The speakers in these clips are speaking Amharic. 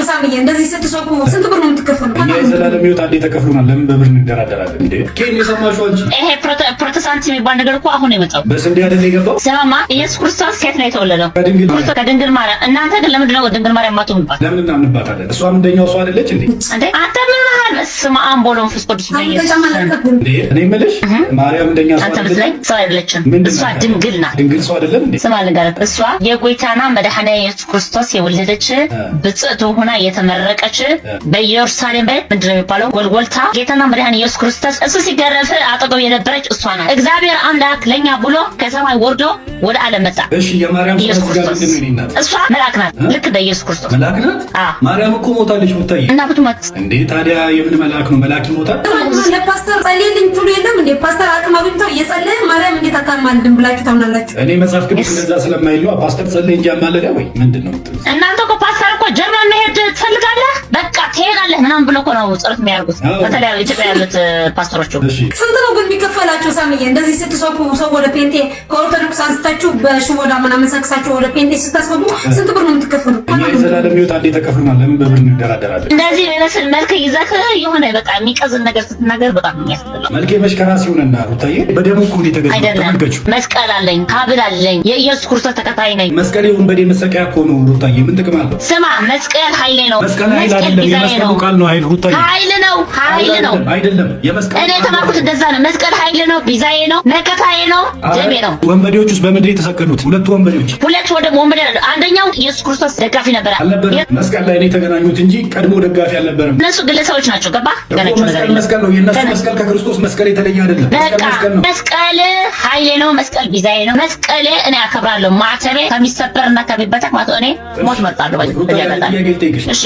ነው ሳምዬ። እንደዚህ ሰው ቆሞ ስንት ብር ነው የምትከፍሉ? የዘላለም አንዴ ለምን በብር እንደራደራለን እንዴ? ኬን የሰማሽው አንቺ? ይሄ ፕሮቴስታንት የሚባል ነገር እኮ አሁን የመጣው በስንዴ አይደል የገባው? ስማማ ኢየሱስ ክርስቶስ ሴት ነው የተወለደው ከድንግል ማርያም። እናንተ ግን ለምንድን ነው ድንግል ማርያም ማትሆንባት? ለምን እናምንባታለን? እሷም እንደኛው ሰው አይደለች እንዴ? አንተ ምን በስመ አብ ወወልድ ወመንፈስ ቅዱስ እኔ የምልሽ ማርያም እንደኛ ሰው አይደለችም። እሷ ድንግል ናት። ድንግል ሰው አይደለም እንዴ? ስማ ልንገርህ፣ እሷ የጎይታና መድኃኔ ኢየሱስ ክርስቶስ የወለደች ብፅዕት ሆና የተመረቀች በኢየሩሳሌም ላይ ምንድን ነው የሚባለው ጎልጎልታ ጌታና መድኃኔ ኢየሱስ ክርስቶስ እሱ ሲገረፍ አጠገብ የነበረች እሷ ናት። እግዚአብሔር አምላክ ለእኛ ብሎ ከሰማይ ወርዶ ወደ ዓለም መጣ። እሺ የማርያም ኢየሱስ ክርስቶስ እሷ መልአክ ናት፣ ልክ እንደ ኢየሱስ ክርስቶስ መልአክ ናት። ማርያም እኮ ሞታለች። ብታይ እና ብትሞት እንዴ ታዲያ የምን መልአክ ነው? መልአክ ይሞታል? ለፓስተር ጸልይልኝ ትሉ የለም እንዴ? ፓስተር አቅም አግኝተው እየጸለየ ማርያም እንዴት አታማልድም ብላችሁ ታምናላችሁ? እኔ መጽሐፍ ቅዱስ እንደዛ ስለማይሉ ፓስተር ጸልይ እንጂ አማለዳ ወይ ምንድን ነው? እናንተ እኮ ፓስተር እኮ ጀርመን መሄድ ትፈልጋለህ፣ በቃ ትሄዳለህ ምናምን ብሎ እኮ ነው ጸሎት የሚያደርጉት በተለያዩ ኢትዮጵያ ያሉት ፓስተሮች። ስንት ነው በላቸው ሳምዬ። እንደዚህ ስትሰኩ ሰው ወደ ፔንቴ ከኦርቶዶክስ አንስታችሁ በሽቦዳ ምናምን ሰክሳችሁ ወደ ፔንቴ ስታስገቡ ስንት ብር ነው የምትከፍሉ? ዘላለም ይወጣ አንዴ ተከፍሉናል። ለምን በብር እንደራደራለን? እንደዚህ ይመስል መልክ ይዘህ የሆነ በቃ የሚቀዝን ነገር ስትናገር በጣም የሚያስጠላው መልክ መሽከራ ሲሆንና ሩታዬ በደሙ እኮ እንዴ ተገዝ መስቀል አለኝ ካብል አለኝ የኢየሱስ ክርስቶስ ተከታይ ነኝ። መስቀል ይሁን በዴ መሰቀያ እኮ ነው ሩታዬ። ምን ጥቅም አለው? ስማ መስቀል ኃይሌ ነው። መስቀል ኃይል አይደለም። የመስቀሉ ቃል ነው ኃይል ሩታዬ። ኃይል ነው ኃይል ነው አይደለም። የመስቀል እኔ የተማርኩት እንደዛ ነው መስቀል ሞባይል ነው፣ ቢዛዬ ነው፣ መከታዬ ነው፣ ጀሜ ነው። ወንበዴዎች ውስጥ በምድር የተሰቀሉት ሁለቱ ወንበዴዎች ሁለቱ ወደ ወንበዴ አለ። አንደኛው ኢየሱስ ክርስቶስ ደጋፊ ነበር አልነበረም። መስቀል ላይ ነው የተገናኙት እንጂ ቀድሞ ደጋፊ አልነበረም። እነሱ ግለሰቦች ናቸው። ገባ ገናቸው መስቀል ነው የእነሱ መስቀል ከክርስቶስ መስቀል የተለየ አይደለም። በቃ መስቀል ኃይሌ ነው፣ መስቀል ቢዛዬ ነው፣ መስቀል እኔ አከብራለሁ። ማዕተቤ ከሚሰበርና ከሚበተክ ማለት እኔ ሞት መርጣለሁ። እሺ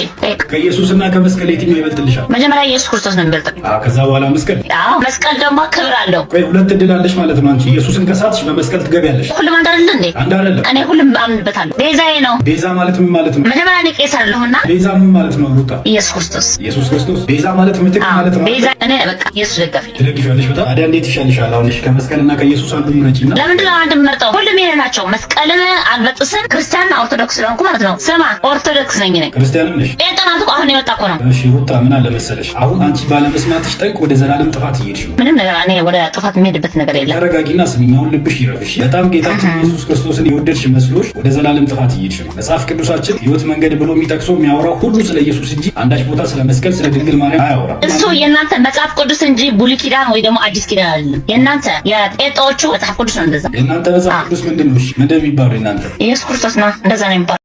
ከኢየሱስና ከመስቀል የትኛው ይበልጥልሻል? መጀመሪያ ኢየሱስ ክርስቶስ ነው የሚበልጥ፣ ከዛ በኋላ መስቀል። አዎ መስቀል ደግሞ ክብር አለ የምለው ሁለት እድል አለሽ ማለት ነው። አንቺ ኢየሱስን ከሳትሽ በመስቀል ትገቢያለሽ። ሁሉም አንድ አይደለ እንዴ? አንድ አይደለም። እኔ ሁሉም አምንበታለሁ። ቤዛዬ ነው። ቤዛ ማለት ምን ማለት ነው? መጀመሪያ እኔ ቄስ አይደለሁና ቤዛ ምን ማለት ነው? ሩታ ኢየሱስ ክርስቶስ ኢየሱስ ክርስቶስ ቤዛ ማለት ምትክ ማለት ነው። ቤዛ እኔ በቃ ኢየሱስ ደጋፊ ትደግፊያለሽ። በጣም አዲያ። እንዴት ይሻልሻል? አሁን እሺ ከመስቀልና ከኢየሱስ አንዱ ምን አጭና? ለምንድን ነው አንድ የምመርጠው? ሁሉም ይሄ ናቸው። መስቀልን አልበጥስም ክርስቲያንና ኦርቶዶክስ ስለሆንኩ ማለት ነው። ስማ ኦርቶዶክስ ነኝ ነኝ ክርስቲያን ነሽ ጴንጤ ናት ነው የመጣ እኮ ነው። እሺ ሩታ ምን አለ መሰለሽ፣ አሁን አንቺ ባለመስማትሽ ጠንቅ ወደ ዘላለም ጥፋት እየሄድሽ ነው። ምንም ነገር እኔ ወደ ጥፋት የሚሄድበት ነገር የለም። ተረጋጊና ስሚኝ። አሁን ልብሽ ይረብሽ። በጣም ጌታችን ኢየሱስ ክርስቶስን የወደድሽ መስሎሽ ወደ ዘላለም ጥፋት እየሄድሽ ነው። መጽሐፍ ቅዱሳችን ህይወት መንገድ ብሎ የሚጠቅሰው የሚያወራው ሁሉ ስለ ኢየሱስ እንጂ አንዳች ቦታ ስለ መስቀል፣ ስለ ድንግል ማርያም አያወራም። እሱ የእናንተ መጽሐፍ ቅዱስ እንጂ ብሉይ ኪዳን ወይ ደግሞ አዲስ ኪዳን አይደለም። የእናንተ የጴንጤዎቹ መጽሐፍ ቅዱስ ነው። እንደዛ የእናንተ መጽሐፍ ቅዱስ ምንድን ነው? ምንድን የሚባለው የእናንተ ኢየሱስ ክርስቶስ ነው። እንደዛ ነው የሚባለው።